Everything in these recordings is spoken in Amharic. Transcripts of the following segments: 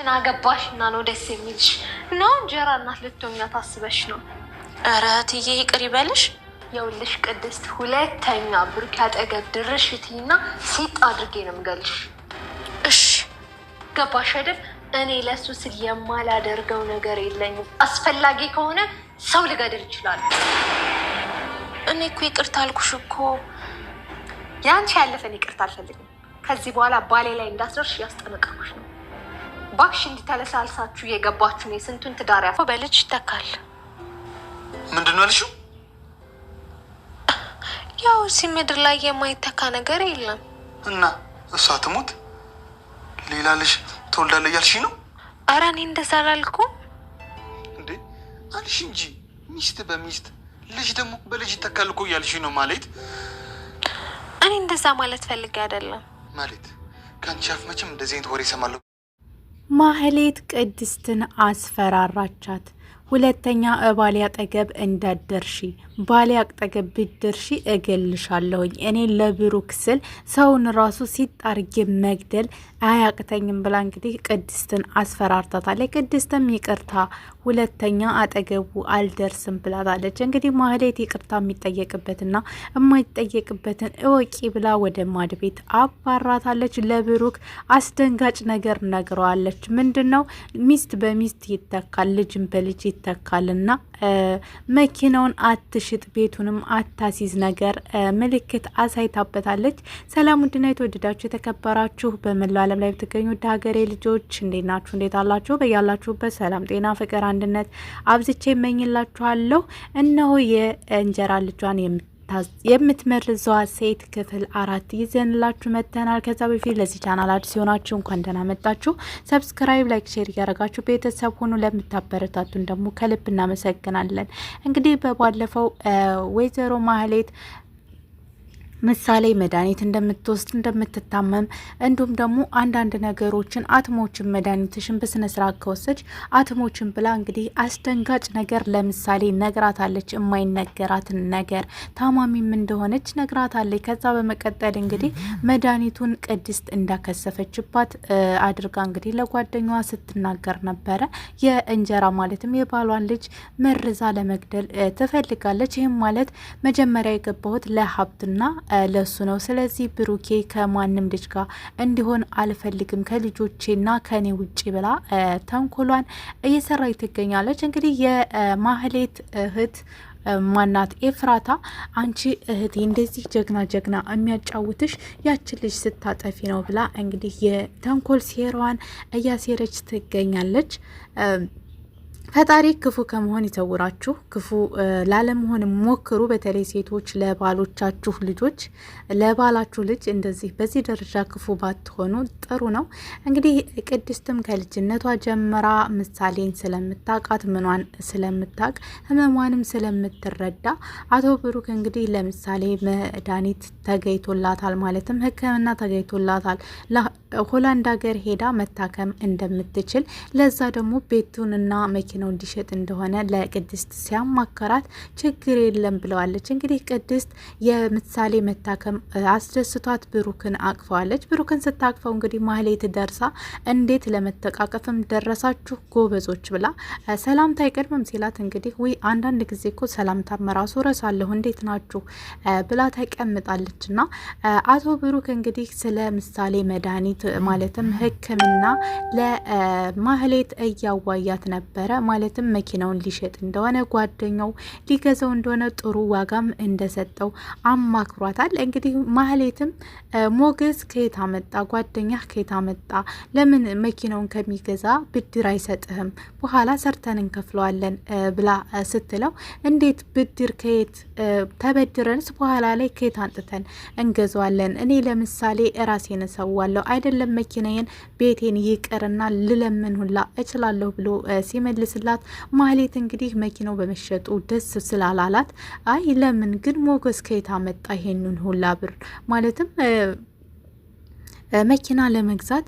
ምን አገባሽ እና ነው ደስ የሚልሽ ነው። እንጀራ እናት ልትሆኛ ታስበሽ ነው። ኧረ እትዬ ይቅር ይበልሽ። የውልሽ ቅድስት ሁለተኛ ብሩክ ያጠገብ ድርሽ ትይና ሲጥ አድርጌ ነው ምገልሽ። እሽ ገባሽ አይደል? እኔ ለሱ ስል የማላደርገው ነገር የለኝም። አስፈላጊ ከሆነ ሰው ልገድል ይችላል። እኔ እኮ ይቅርታ አልኩሽ እኮ። ያንቺ ያለፈን ይቅርታ አልፈልግም። ከዚህ በኋላ ባሌ ላይ እንዳስደርሽ ያስጠነቀኩሽ ነው። ባክሽ እንዲህ ተለሳልሳችሁ ነው። የስንቱን ትዳር ያፈ በልጅ ይተካል። ምንድን ነው ያልሽው? ያው እዚህ ምድር ላይ የማይተካ ነገር የለም እና እሷ ትሙት ሌላ ልጅ ትወልዳለህ እያልሽኝ ነው? ኧረ እኔ እንደዛ አላልኩም እንዴ አልሽ እንጂ ሚስት በሚስት ልጅ ደግሞ በልጅ ይተካል እኮ ነው ማለት። እኔ እንደዛ ማለት ፈልጌ አይደለም ማለት ከአንቺ አፍ መቼም እንደዚህ አይነት ወሬ እሰማለሁ ማህሌት ቅድስትን አስፈራራቻት። ሁለተኛ እባሌ አጠገብ እንዳደርሺ ባሌ አጠገብ ብትደርሺ እገልሻለሁኝ እኔ ለብሩክ ስል ሰውን ራሱ ሲጣርግ መግደል አያቅተኝም ብላ እንግዲህ ቅድስትን አስፈራርታታለች። ቅድስትም ይቅርታ ሁለተኛ አጠገቡ አልደርስም ብላታለች። እንግዲህ ማህሌት ይቅርታ የሚጠየቅበትና የማይጠየቅበትን እወቂ ብላ ወደ ማድ ቤት አባራታለች። ለብሩክ አስደንጋጭ ነገር ነግረዋለች። ምንድን ነው ሚስት በሚስት ይተካል፣ ልጅም በልጅ ይተካልና መኪናውን አትሽ ሽጥ ቤቱንም አታሲዝ ነገር ምልክት አሳይታበታለች። ሰላም ውድና የተወደዳችሁ የተከበራችሁ በመላው ዓለም ላይ የምትገኙ ወደ ሀገሬ ልጆች እንዴት ናችሁ? እንዴት አላችሁ? በያላችሁበት ሰላም፣ ጤና፣ ፍቅር፣ አንድነት አብዝቼ እመኝላችኋለሁ። እነሆ የእንጀራ ልጇን የምት የምትመርዘዋ ሴት ክፍል አራት ይዘንላችሁ መጥተናል። ከዛ በፊት ለዚህ ቻናል አዲስ ሲሆናችሁ እንኳን ደህና መጣችሁ። ሰብስክራይብ፣ ላይክ፣ ሼር እያደረጋችሁ ቤተሰብ ሁኑ። ለምታበረታቱን ደግሞ ከልብ እናመሰግናለን። እንግዲህ በባለፈው ወይዘሮ ማህሌት ምሳሌ መድኃኒት እንደምትወስድ እንደምትታመም እንዲሁም ደግሞ አንዳንድ ነገሮችን አትሞችን መድኃኒትሽን በስነ ስርዓት አትሞችን ብላ እንግዲህ አስደንጋጭ ነገር ለምሳሌ ነግራታለች። የማይነገራትን ነገር ታማሚም እንደሆነች ነግራታለች። ከዛ በመቀጠል እንግዲህ መድኃኒቱን ቅድስት እንዳከሰፈችባት አድርጋ እንግዲህ ለጓደኛዋ ስትናገር ነበረ። የእንጀራ ማለትም የባሏን ልጅ መርዛ ለመግደል ትፈልጋለች። ይህም ማለት መጀመሪያ የገባሁት ለሀብትና ለሱ ነው። ስለዚህ ብሩኬ ከማንም ልጅ ጋር እንዲሆን አልፈልግም ከልጆቼና ከኔ ውጭ ብላ ተንኮሏን እየሰራች ትገኛለች። እንግዲህ የማህሌት እህት ማናት ኤፍራታ፣ አንቺ እህቴ እንደዚህ ጀግና ጀግና የሚያጫውትሽ ያችን ልጅ ስታጠፊ ነው ብላ እንግዲህ የተንኮል ሴራዋን እያሴረች ትገኛለች። ፈጣሪ ክፉ ከመሆን ይሰውራችሁ። ክፉ ላለመሆን ሞክሩ። በተለይ ሴቶች ለባሎቻችሁ ልጆች ለባላችሁ ልጅ እንደዚህ በዚህ ደረጃ ክፉ ባትሆኑ ጥሩ ነው። እንግዲህ ቅድስትም ከልጅነቷ ጀምራ ምሳሌን ስለምታውቃት ምኗን ስለምታውቅ ህመሟንም ስለምትረዳ አቶ ብሩክ እንግዲህ ለምሳሌ መድኃኒት ተገይቶላታል፣ ማለትም ሕክምና ተገይቶላታል ሆላንድ ሀገር ሄዳ መታከም እንደምትችል ለዛ ደግሞ ቤቱንና መኪና መኪናው እንዲሸጥ እንደሆነ ለቅድስት ሲያማከራት ችግር የለም ብለዋለች። እንግዲህ ቅድስት የምሳሌ መታከም አስደስቷት ብሩክን አቅፈዋለች። ብሩክን ስታቅፈው እንግዲህ ማህሌት ደርሳ እንዴት ለመተቃቀፍም ደረሳችሁ ጎበዞች ብላ ሰላምታ አይቀድምም ሲላት እንግዲህ ወይ አንዳንድ ጊዜ እኮ ሰላምታም ራሱ ረሳለሁ እንዴት ናችሁ ብላ ተቀምጣለች። እና አቶ ብሩክ እንግዲህ ስለ ምሳሌ መድኃኒት ማለትም ሕክምና ለማህሌት እያዋያት ነበረ። ማለትም መኪናውን ሊሸጥ እንደሆነ ጓደኛው ሊገዛው እንደሆነ ጥሩ ዋጋም እንደሰጠው አማክሯታል። እንግዲህ ማህሌትም ሞገስ ከየት አመጣ ጓደኛ ከየት አመጣ ለምን መኪናውን ከሚገዛ ብድር አይሰጥህም በኋላ ሰርተን እንከፍለዋለን ብላ ስትለው እንዴት ብድር ከየት ተበድረንስ በኋላ ላይ ከየት አንጥተን እንገዛዋለን እኔ ለምሳሌ እራሴን እሰዋለሁ አይደለም መኪናዬን ቤቴን ይቅርና ልለምን ሁላ እችላለሁ ብሎ ሲመልስ ሲደርስላት ማህሌት እንግዲህ መኪናው በመሸጡ ደስ ስላላላት አይ ለምን ግን ሞገስ ከየት አመጣ ይሄንን ሁላ ብር ማለትም መኪና ለመግዛት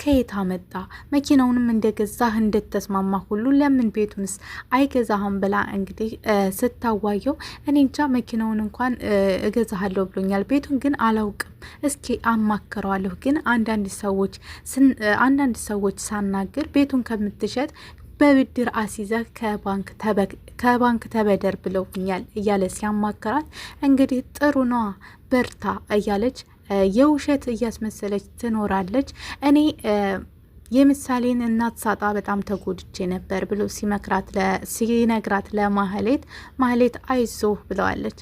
ከየት አመጣ? መኪናውንም እንደገዛህ እንደተስማማ ሁሉ ለምን ቤቱንስ አይገዛህም? ብላ እንግዲህ ስታዋየው እኔ እንጃ መኪናውን እንኳን እገዛሃለሁ ብሎኛል፣ ቤቱን ግን አላውቅም። እስኪ አማክረዋለሁ። ግን አንዳንድ ሰዎች አንዳንድ ሰዎች ሳናግር ቤቱን ከምትሸጥ በብድር አስይዘህ ከባንክ ተበደር ብለውኛል እያለ ሲያማከራት፣ እንግዲህ ጥሩ ነዋ በርታ እያለች የውሸት እያስመሰለች ትኖራለች። እኔ የምሳሌን እናት ሳጣ በጣም ተጎድቼ ነበር ብሎ ሲመክራት ሲነግራት ለማህሌት ማህሌት አይዞህ ብለዋለች።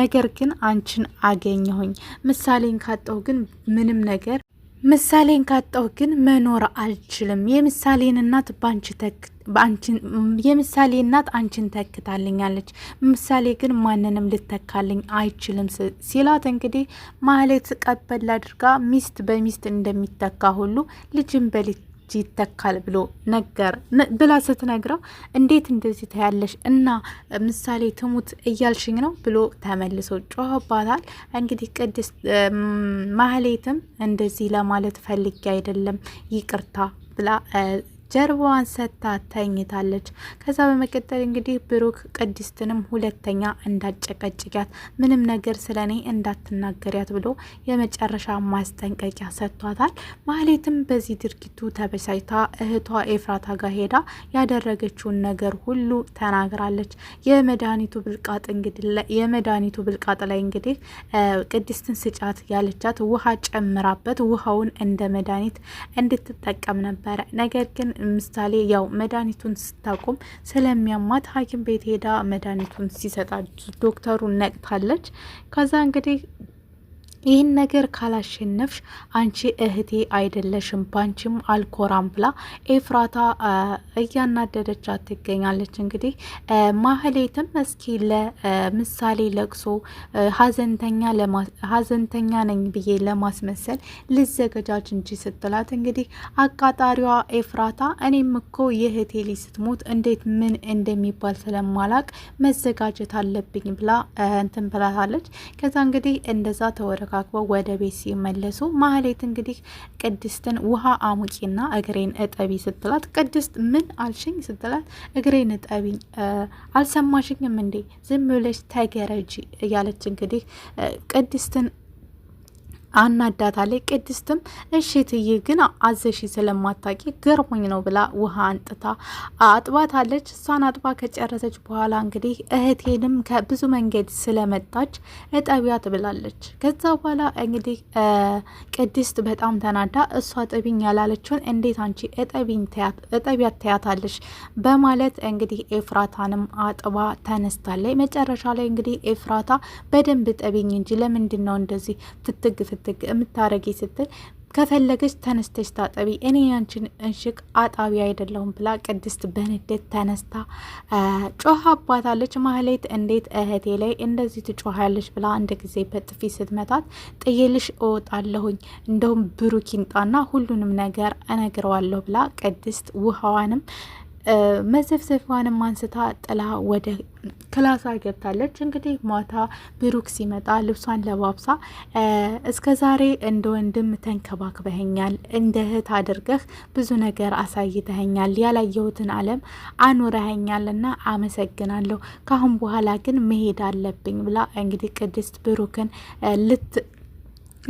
ነገር ግን አንቺን አገኘሁኝ ምሳሌን ካጣሁ ግን ምንም ነገር ምሳሌን ካጣሁ ግን መኖር አልችልም። የምሳሌን እናት ባንቺ የምሳሌ እናት አንቺን ተክታልኛለች። ምሳሌ ግን ማንንም ልተካልኝ አይችልም ሲላት እንግዲህ ማለት ቀበል አድርጋ ሚስት በሚስት እንደሚተካ ሁሉ ልጅን በልጅ ይተካል ብሎ ነገር ብላ ስትነግረው እንዴት እንደዚህ ታያለሽ እና ምሳሌ ትሙት እያልሽኝ ነው ብሎ ተመልሶ ጮኸባታል። እንግዲህ ቅድስት ማህሌትም እንደዚህ ለማለት ፈልጌ አይደለም ይቅርታ ብላ ጀርባዋን ሰታ ተኝታለች። ከዛ በመቀጠል እንግዲህ ብሩክ ቅድስትንም ሁለተኛ እንዳጨቀጭቂያት ምንም ነገር ስለ እኔ እንዳትናገሪያት ብሎ የመጨረሻ ማስጠንቀቂያ ሰጥቷታል። ማህሌትም በዚህ ድርጊቱ ተበሳጭታ እህቷ ኤፍራታ ጋር ሄዳ ያደረገችውን ነገር ሁሉ ተናግራለች። የመድኃኒቱ ብልቃጥ እንግዲህ የመድኃኒቱ ብልቃጥ ላይ እንግዲህ ቅድስትን ስጫት ያለቻት ውሃ ጨምራበት ውሃውን እንደ መድኃኒት እንድትጠቀም ነበረ ነገር ግን ምሳሌ ያው መድኃኒቱን ስታቆም ስለሚያማት ሐኪም ቤት ሄዳ መድኃኒቱን ሲሰጣ ዶክተሩ ነቅታለች። ከዛ እንግዲህ ይህን ነገር ካላሸነፍሽ አንቺ እህቴ አይደለሽም፣ ባንቺም አልኮራም ብላ ኤፍራታ እያናደደች ትገኛለች። እንግዲህ ማህሌትም እስኪ ለምሳሌ ለቅሶ ሀዘንተኛ ነኝ ብዬ ለማስመሰል ልዘገጃጅ እንጂ ስትላት እንግዲህ አቃጣሪዋ ኤፍራታ እኔም እኮ የእህቴ ልጅ ስትሞት እንዴት ምን እንደሚባል ስለማላቅ መዘጋጀት አለብኝ ብላ እንትን ብላታለች። ከዛ እንግዲህ እንደዛ ተወረ ተነካክበው ወደ ቤት ሲመለሱ ማህሌት እንግዲህ ቅድስትን ውሃ አሙቂና እግሬን እጠቢ ስትላት፣ ቅድስት ምን አልሽኝ ስትላት፣ እግሬን እጠቢ አልሰማሽኝም እንዴ ዝም ብለሽ ተገረጂ እያለች እንግዲህ ቅድስትን አናዳታለች። ቅድስትም እሺ ትዬ ግን አዘሺ ስለማታቂ ገርሞኝ ነው ብላ ውሃ አንጥታ አጥባታለች። እሷን አጥባ ከጨረሰች በኋላ እንግዲህ እህቴንም ከብዙ መንገድ ስለመጣች እጠቢያ ትብላለች። ከዛ በኋላ እንግዲህ ቅድስት በጣም ተናዳ እሷ እጠቢኝ ያላለችውን እንዴት አንቺ እጠቢያ ትያታለች በማለት እንግዲህ ኤፍራታንም አጥባ ተነስታለች። መጨረሻ ላይ እንግዲህ ኤፍራታ በደንብ ጠቢኝ እንጂ ለምንድን ነው እንደዚህ ትትግፍ የምታረጊ ስትል ከፈለገች ተነስተች ታጠቢ፣ እኔ ያንችን እንሽቅ አጣቢ አይደለሁም ብላ ቅድስት በንዴት ተነስታ ጮኸ አባታለች። ማህሌት እንዴት እህቴ ላይ እንደዚህ ትጮሃለች ብላ አንድ ጊዜ በጥፊ ስትመታት ጥዬልሽ እወጣለሁኝ፣ እንደውም ብሩኪንጣና ሁሉንም ነገር እነግረዋለሁ ብላ ቅድስት ውሃዋንም መዘፍዘፏንም አንስታ ጥላ ወደ ክላሷ ገብታለች። እንግዲህ ማታ ብሩክ ሲመጣ ልብሷን ለባብሳ እስከ ዛሬ እንደ ወንድም ተንከባክበኸኛል፣ እንደ እህት አድርገህ ብዙ ነገር አሳይተኸኛል፣ ያላየሁትን ዓለም አኑረኸኛል እና አመሰግናለሁ። ካሁን በኋላ ግን መሄድ አለብኝ ብላ እንግዲህ ቅድስት ብሩክን ልት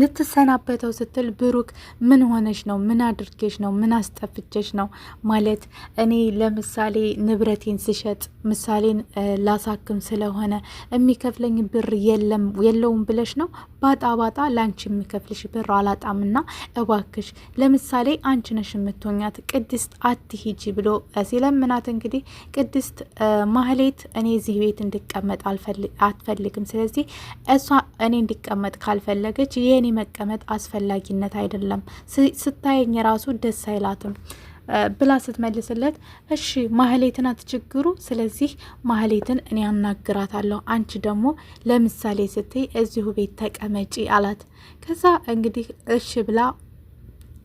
ልትሰናበተው ስትል ብሩክ ምን ሆነች ነው? ምን አድርጌሽ ነው? ምን አስጠፍቼሽ ነው? ማለት እኔ ለምሳሌ ንብረቴን ስሸጥ ምሳሌን ላሳክም ስለሆነ የሚከፍለኝ ብር የለውም ብለሽ ነው? ባጣ ባጣ ለአንቺ የሚከፍልሽ ብር አላጣምና እባክሽ፣ ለምሳሌ አንቺ ነሽ የምትሆኛት ቅድስት አትሂጂ ብሎ ሲለምናት፣ እንግዲህ ቅድስት ማህሌት እኔ እዚህ ቤት እንድቀመጥ አትፈልግም። ስለዚህ እሷ እኔ እንዲቀመጥ ካልፈለገች የኔ መቀመጥ አስፈላጊነት አይደለም፣ ስታየኝ ራሱ ደስ አይላትም ብላ ስትመልስለት፣ እሺ ማህሌትን አትችግሩ ስለዚህ ማህሌትን እኔ አናግራታለሁ፣ አንቺ ደግሞ ለምሳሌ ስትይ እዚሁ ቤት ተቀመጪ አላት። ከዛ እንግዲህ እሺ ብላ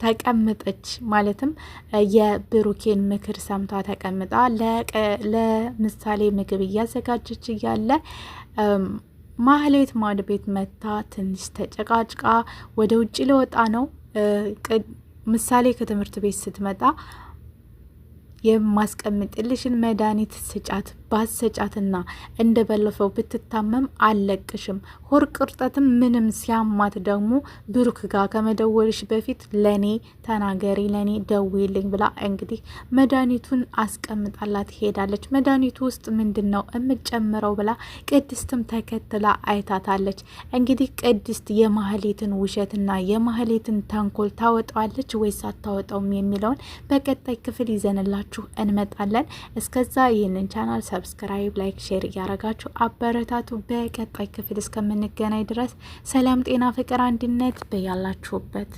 ተቀምጠች። ማለትም የብሩኬን ምክር ሰምታ ተቀምጣ ለምሳሌ ምግብ እያዘጋጀች እያለ ማህሌት ማድ ቤት መታ ትንሽ ተጨቃጭቃ ወደ ውጭ ለወጣ ነው ምሳሌ ከትምህርት ቤት ስትመጣ የማስቀምጥልሽን መድኃኒት ስጫት ባሰጫትና እንደ በለፈው ብትታመም አለቅሽም ሆር ቅርጠትም ምንም ሲያማት ደግሞ ብሩክ ጋር ከመደወልሽ በፊት ለኔ ተናገሪ፣ ለኔ ደዌልኝ ብላ እንግዲህ መድኃኒቱን አስቀምጣላት ሄዳለች። መድኃኒቱ ውስጥ ምንድን ነው የምትጨምረው ብላ ቅድስትም ተከትላ አይታታለች። እንግዲህ ቅድስት የማህሌትን ውሸትና የማህሌትን ተንኮል ታወጣዋለች ወይስ አታወጣውም የሚለውን በቀጣይ ክፍል ይዘንላችሁ እንመጣለን። እስከዛ ይህንን ቻናል ሰብስክራይብ፣ ላይክ፣ ሼር እያረጋችሁ አበረታቱ። በቀጣይ ክፍል እስከምንገናኝ ድረስ ሰላም፣ ጤና፣ ፍቅር፣ አንድነት በያላችሁበት